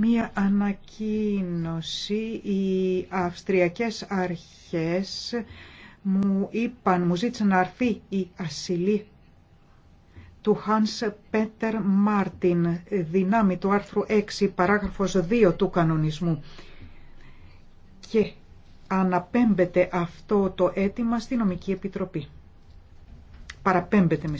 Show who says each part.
Speaker 1: Μία ανακοίνωση. Οι αυστριακές αρχές μου είπαν, μου ζήτησαν να αρθεί η ασυλή του Hans Peter Martin, δυνάμει του άρθρου 6, παράγραφος 2 του κανονισμού. Και αναπέμπεται αυτό το αίτημα στη Νομική Επιτροπή. Παραπέμπεται
Speaker 2: με